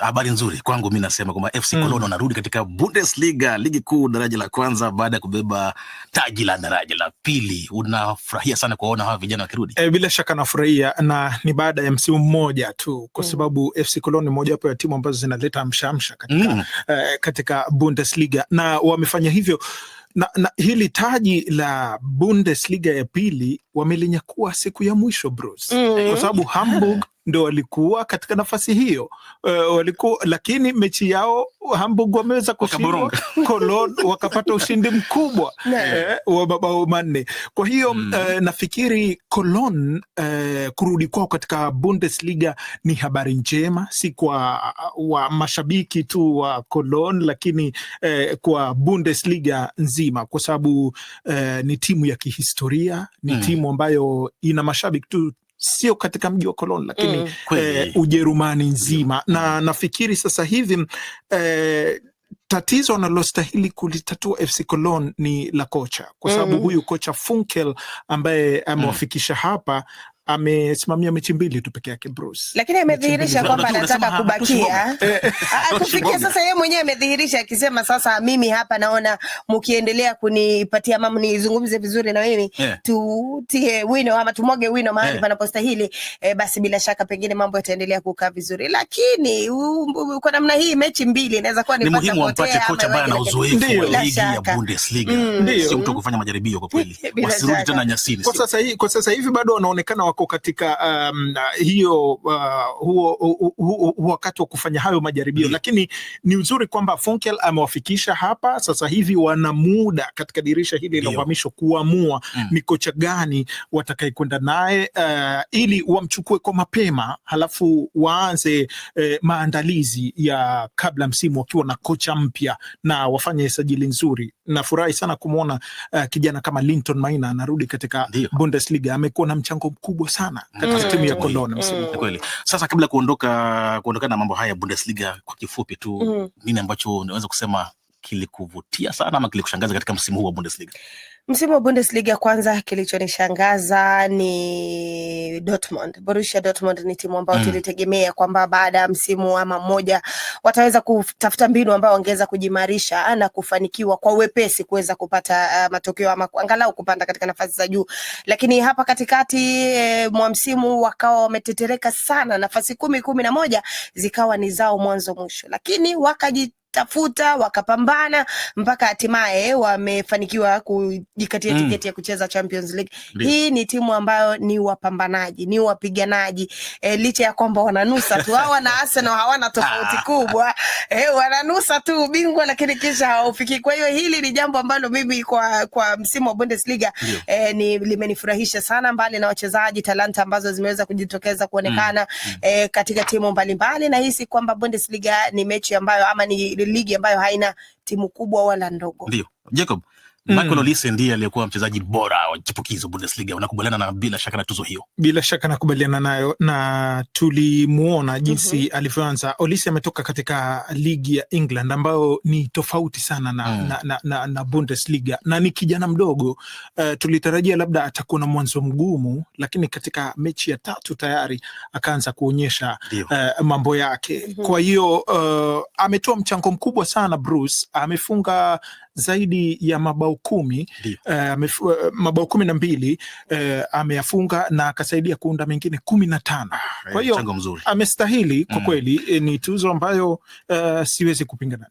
habari nzuri kwangu mi nasema kwamba FC hmm. Cologne mm. wanarudi katika Bundesliga, ligi kuu daraja la kwanza, baada ya kubeba taji la daraja la pili. Unafurahia sana kuwaona hawa vijana wakirudi? E, bila shaka nafurahia, na ni baada ya msimu mmoja tu, kwa hmm. sababu mm. FC Cologne ni mojawapo ya timu ambazo zinaleta mshamsha katika, mm. eh, katika Bundesliga na wamefanya hivyo na, na hili taji la Bundesliga ya pili wamelinyakua siku ya mwisho Bruce, mm. kwa sababu Hamburg ndo walikuwa katika nafasi hiyo uh, walikuwa lakini mechi yao Hamburg wameweza kushinda Cologne wakapata ushindi mkubwa eh, wa mabao manne. Kwa hiyo mm. eh, nafikiri Cologne eh, kurudi kwao katika Bundesliga ni habari njema, si kwa wa mashabiki tu wa Cologne, lakini eh, kwa Bundesliga nzima, kwa sababu eh, ni timu ya kihistoria, ni mm. timu ambayo ina mashabiki tu sio katika mji wa Cologne lakini mm. eh, Ujerumani nzima mm. na nafikiri sasa hivi eh, tatizo analostahili kulitatua FC Cologne ni la kocha, kwa sababu mm. huyu kocha Funkel ambaye amewafikisha mm. hapa amesimamia mechi mbili tu peke yake Bruce, lakini amedhihirisha kwamba anataka kubakia ah, eh, eh. Ah, kufikia sasa. Yeye mwenyewe amedhihirisha akisema, sasa mimi hapa naona mkiendelea kunipatia mamu nizungumze vizuri na mimi yeah, tutie wino ama tumwage wino mahali yeah, panapostahili e, basi bila shaka pengine mambo yataendelea kukaa vizuri, lakini kwa namna hii mechi mbili inaweza kuwa ni muhimu ampate kocha ambaye ana uzoefu wa ligi ya Bundesliga, mm. sio mtu kufanya majaribio. Kwa kweli wasirudi tena nyasini. Kwa sasa hivi bado wanaonekana wako katika um, uh, hiyo uh, huo, hu, hu, hu, wakati wa kufanya hayo majaribio mm. Lakini ni uzuri kwamba Funkel amewafikisha hapa sasa hivi, wana muda katika dirisha hili la uhamisho kuamua mm. ni kocha gani watakayekwenda naye uh, ili wamchukue kwa mapema, halafu waanze eh, maandalizi ya kabla msimu wakiwa na kocha mpya na wafanye sajili nzuri. Nafurahi sana kumwona uh, kijana kama Linton Maina anarudi katika Bundesliga. Amekuwa na mchango mkubwa sana katika mm. timu ya Kondona mm. msimu mm. kweli. Sasa kabla kuondoka kuondokana na mambo haya ya Bundesliga, kwa kifupi tu mm. nini ambacho unaweza kusema kilikuvutia sana ama kilikushangaza katika msimu huu wa Bundesliga? Msimu wa Bundesliga, kwanza kilichonishangaza ni Dortmund. Borussia Dortmund ni timu ambayo mm. tulitegemea kwamba baada ya msimu ama mmoja wataweza kutafuta mbinu ambayo wangeweza kujimarisha na kufanikiwa kwa wepesi kuweza kupata uh, matokeo ama angalau kupanda katika nafasi za juu, lakini hapa katikati e, mwa msimu wakawa wametetereka sana, nafasi kumi kumi na moja zikawa ni zao mwanzo mwisho, lakini wakaji tafuta wakapambana mpaka hatimaye wamefanikiwa kujikatia mm. tiketi ya kucheza Champions League. Lio. Hii ni timu ambayo ni wapambanaji, ni wapiganaji e, licha ya kwamba wananusa tu hawa na Arsenal hawana tofauti kubwa e, wananusa tu ubingwa lakini kisha hawafiki. Kwa hiyo hili ni jambo ambalo mimi kwa, kwa msimu wa Bundesliga e, ni limenifurahisha sana, mbali na wachezaji talanta ambazo zimeweza kujitokeza kuonekana mm. e, katika timu mbalimbali. Nahisi kwamba Bundesliga ni mechi ambayo ama ni ile ligi ambayo haina timu kubwa wala ndogo. Ndio Jacob, Mm. Michael Olise ndiye aliyekuwa mchezaji bora wa chipukizo Bundesliga. Unakubaliana na bila shaka na tuzo hiyo? Bila shaka nakubaliana nayo, na tulimuona jinsi mm -hmm. alivyoanza. Olise ametoka katika ligi ya England ambayo ni tofauti sana na, mm. na, na, na, na Bundesliga na ni kijana mdogo uh, tulitarajia labda atakuwa na mwanzo mgumu, lakini katika mechi ya tatu tayari akaanza kuonyesha uh, mambo yake mm -hmm. kwa hiyo uh, ametoa mchango mkubwa sana Bruce, amefunga zaidi ya mabao kumi eh, eh, mabao kumi na mbili uh, ameyafunga na akasaidia kuunda mengine kumi na tano. Kwa hiyo amestahili kwa mm. kweli, ni tuzo ambayo uh, siwezi kupingana